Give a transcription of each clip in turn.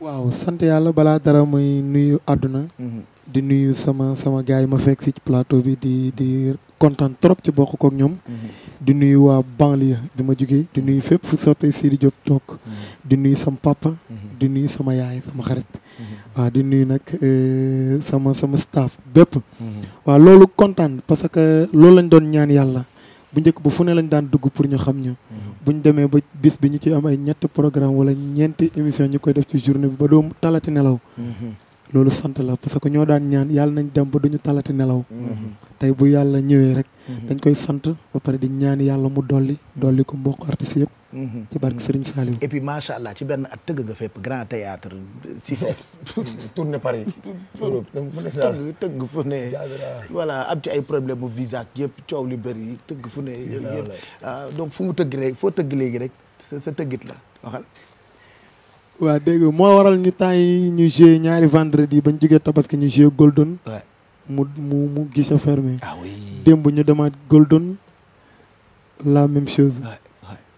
waaw sant yàlla balaa dara mooy nuyu àdduna. Mm-hmm. di nuyu sama sama gars yi ma fekk fii ci bi di di kontaan trop ci bokk kook ñoom. Mm-hmm. di nuyu waa banlieue bi ma jugee di nuyu fépp fu soppee di Diop toog. Mm-hmm. di nuyu sama papa. di nuyu sama yaay sama xarit. waaw di nuyu nag euh, sama sama staff bépp. waa loolu kontaan parce que loolu lañ doon ñaan yàlla bu njëkk bu fu ne lañ daan dugg pour ñu xam ñu. bu ñu demee ba bis bi ñu ci am ay ñetti programme wala ñeenti émission ñu koy def ci journée bi ba doo talati nelaw mhm. loolu sant la parce que ñoo daan ñaan yàlla nañ dem ba duñu talati nelaw mhm. tey bu yàlla ñëwee rek mhm. dañ koy sant ba pare di ñaan yàlla mu dolli dolli ko mbokk artiste yëpp ci barke Serigne Saliou. et puis macha allah ci benn at tëgg nga fépp grand théâtre si fees. tourné Paris. Europe tëgg tëgg fu ne. voilà am ci ay problème mu visa ak yëpp coow li bëri tëgg fu ne. yëpp ah, donc fu mu tëgg léegi foo tëgg léegi rek sa sa tëggit la waxal. waaw dégg moo waral ñu temps yi ñu joué ñaari vendredi ba ñu jugee tabaski ñu joué Golden. mu mu mu gis a fermé. ah oui démb ñu demaat Golden la même chose.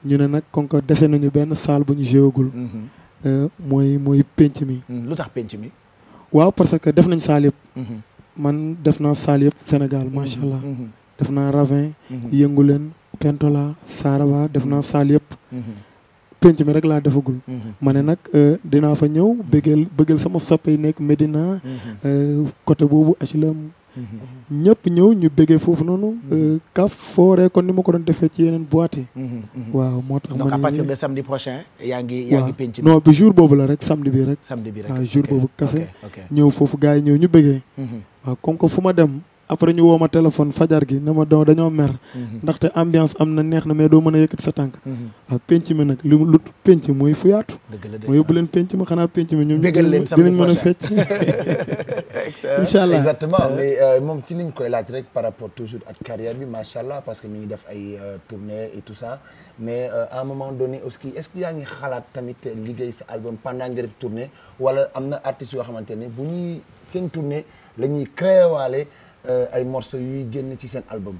ñu ne nag kon ko dese nañu benn salle bu ñu jéegul. Mhm. Euh, mooy mooy penc mi. Mhm. lu tax penc mi. waaw parce que def nañ salle yëpp. Mhm. man def naa salle yëpp Sénégal macha allah. def naa Ravin. yëngu leen Pentola Saraba def naa salle yëpp. penc mi rek laa defagul. ma ne nag euh, dinaa fa ñëw bëggeel bëggeel sama soppe nekk Medina. Euh, côté boobu HLM. ñëpp ñëw ñu bëggee foofu noonu. kaf fooree kon ni ma ko doon defee ci yeneen boîte yi. Mhm, mhm. waaw moo tax ma donc à prochain. yaa ngi yaa ngi penc. non bi jour boobu la rek samedi bi rek. samedi ah, jour boobu kase. ñëw foofu gars ñëw ñu bëggee. Mhm. waaw comme que fu dem. après ñu woo ma téléphone fajar gi ne ma do dañoo mer mhm. ndaxte ambiance am na neex na mais doo mën a yëkkati sa tànk waaw mhm. ah, penc mi nag li lu penc mooy fu yaatu ma yóbbu leen penc ma xanaa penc mi ñoom dinañ mën a fecc incha allah exactement euh. mais euh, moom ci liñ koy laaj rek par rapport toujours ak carrière bi macha allah parce que ñu ngi def ay euh, tournée et tout mais à un moment donné aussi est yaa ngi xalaat tamit liggéey sa album pendant nga def tournée wala am na artistes yoo xamante ne bu ñuy seen tournée la ñuy créé waale Euh, ay morceaux yuy génn ci seen album.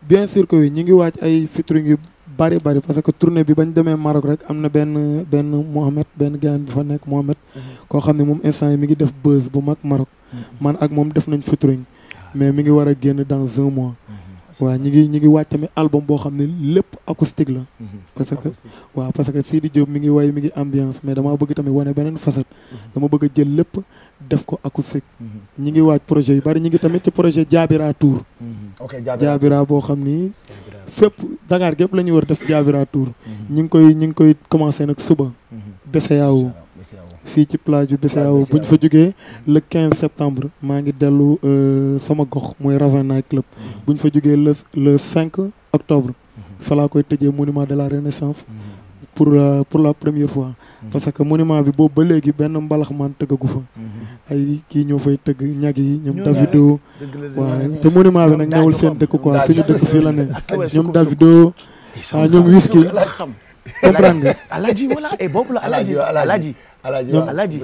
bien sûr que oui ñu ngi waaj ay featuring yu bari bari parce que tournée bi bañ demee Maroc rek am na benn benn Mohamed benn gaan bu fa nekk Mohamed. Mhm. koo xam ne moom instant yi mi ngi def buzz bu mag Maroc. Mhm. man ak moom def nañ featuring ah, mais mi ngi war a génn dans un mois. Mhm. waa ñi ngi ñi ngi tamit album boo xam ne lépp acoustique la. Mhm. parce que waaw parce que Sidi mi ngi way mi ngi ambiance mais damaa bëgg tamit wane beneen facette. Mhm. dama bëgg a jël lépp def ko acoustique. Mhm. ñi ngi waaj projet yu bari ñi ngi tamit ci projet Jaabira Tour. ok Jaabira boo xam ni. fépp Dakar gépp la ñu war def Jaabira Tour. ñi ngi koy ñi ngi koy commencé nag suba. Besseyaawu. fii ci plage bu Bissau bu ñu fa jógee le 15 septembre maa ngi dellu euh, sama gox muy Ravena club mm-hmm. bu ñu fa jógee le le 5 octobre mm-hmm. fa koy tëjee monument de la renaissance mm-hmm. pour pour la première fois parce que monument bi boobu ba léegi benn mbalax maan tëggagu fa ay kii ñëw fay tëgg ñag yi ñoom Davido waaw te monument bi nag ñëwul seen dëkk quoi suñu dëkk fii la ne ñoom Davido ah ñoom Whisky comprendre nga alaaji voilà et eh, boobu la alaaji alaaji alaaji waaw alaaji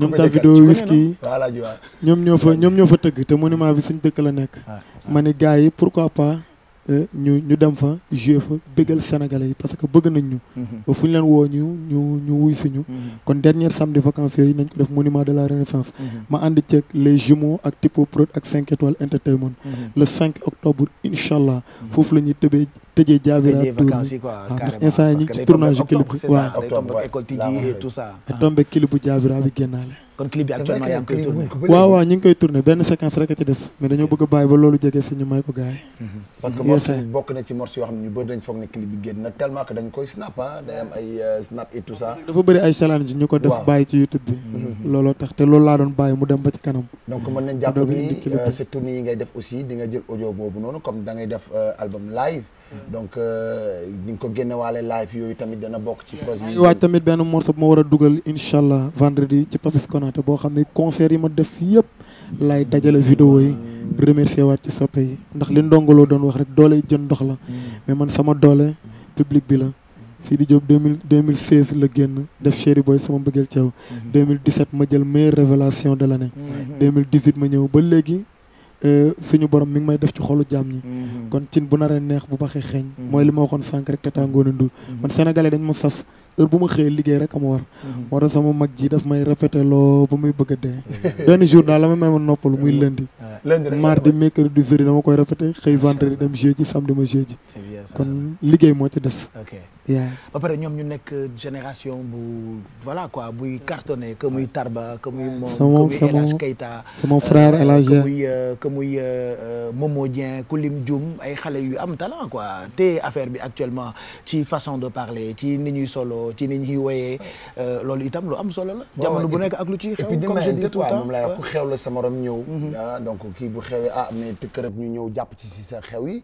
ñoom Davido Wizkid alaaji ñoom ñoo fa ñoom ñoo fa tëgg te monument bi suñ dëkk la nekk ah, ah. ma ne gars yi pourquoi pas eh, ñu ñu dem fa jouer fa bëggal sénégalais yi parce que bëgg nañ ñu mhm. ba fu ñu leen woo ñu ñu ñu wuy suñu mhm. kon dernier samedi vacances yooyu nañ ko def monument de la renaissance mhm. ma ànd ceeg les jumeaux ak Tipo Prod ak 5 étoiles entertainment le cinq octobre incha allah foofu la ñuy tëbee tëjee jaabiraat vacances yi quoi ah, carrément instant ah. bi génnaale kon ñu ngi koy tourné benn séquence rek a ci des mais dañoo bëgg a bàyyi ba loolu jege si ñu may ko gars yi mhm. ah, euh, bëri ay snap et ñu ko def bàyyi ci YouTube bi mhm. looloo tax te loolu laa doon bàyyi mu dem ba ci kanam donc mën nañ jàpp ni euh, sa tournée yi ngay def aussi di nga jël audio boobu noonu comme da def euh, album live donc euh, ni nga ko génnewaale live yooyu tamit dana bokk ci projet yi. waaj tamit benn morceau bu ma war a dugal incha allah vendredi ci Papis Konaté boo xam ne concert yi ma def yëpp laay dajale vidéo yi remercier waat ci soppe yi ndax li loo doon wax rek doole jën ndox la mais man sama doole public bi la. Sidi Diop 2016 la génn def Chéri Boy sama mbëggeel ci yow 2017 mhm. ma jël meilleure révélation de l'année 2018 mhm. ma ñëw ba léegi. Euh, suñu borom mi ngi may def ci xolu jaam ñi mm-hmm. kon cin bu naree neex bu baxee xeeñ mm-hmm. mooy li ma waxoon sànq rek te tàngoo na ndur mm-hmm. man sénégalais dañ ma sas heure bu ma xëyee liggéey rek am war mhm. moo tax sama mag ji daf may répété loo ba muy bëgg a dee mhm. benn jour daal la may may ma noppalu muy mhm. lundi mardi mercredi jeudi dama koy répété xëy vendredi dem jeudi samedi ma jeudi kon liggéey moo ci des yaa ba pare ñoom ñu nekk génération bu voilà quoi buy cartonné que muy Tarba que muy moom que muy El Hadj Keita sama euh, frère El Hadj que euh, euh, Momo Dieng Kulim Dioum ay xale yu am talent quoi te affaire bi actuellement ci façon de parler ci ni ñuy solo ko ci ni ñuy woyee euh, loolu itam lu am solo la jamono bu nekk ak lu ciy xew comme je moom lay wax ku xew la sa morom ñëw mhm. ah, donc kii bu xewee ah mais tëkkërëb ñu ñëw jàpp ci si sa xew yi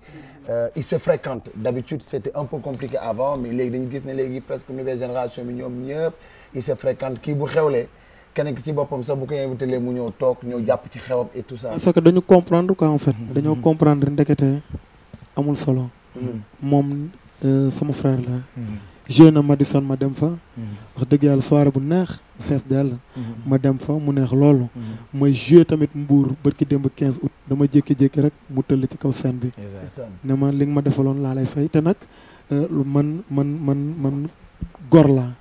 euh, il se fréquente d'habitude c'était un peu compliqué avant mais léegi dañu gis ne léegi presque nouvelle génération bi ñoom ñëpp il se fréquente kii bu xewlee keneen ki ci boppam sax bu ko invité lee mu ñëw toog ñëw jàpp ci xewam et tout ça. parce que dañu comprendre quoi en fait. Mhm. ndekete amul solo. Mhm. moom euh, sama frère la. jeune Madison ma dem fa. Mhm. wax dëgg yàlla soirée bu neex fees dell. Mhm. ma dem fa mu neex loolu. Mhm. ma joué tamit mbuur Mbour ki démb 15 août dama jékki-jékki rek mu tëll ci kaw scène bi. ne ma li nga ma defaloon laa lay fay te nag euh, man man man man gor laa.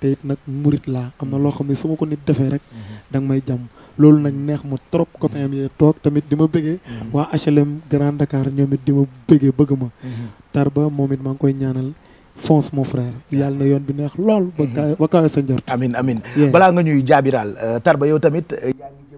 te it nag murit laa am na loo xam ne su ma ko nit defee rek. danga may jàmm loolu nag neex ma trop copain yi toog tamit di ma bëggee. waa HLM Grand Dakar ñoom di ma bëggee bëgg ma. Tarba moom it maa ngi koy fonce mon frère yal na yoon bi neex lool. ba mm-hmm. kawe a njort. amin amin balaa nga ñuy jaabiraal euh, Tarba yow tamit. Euh,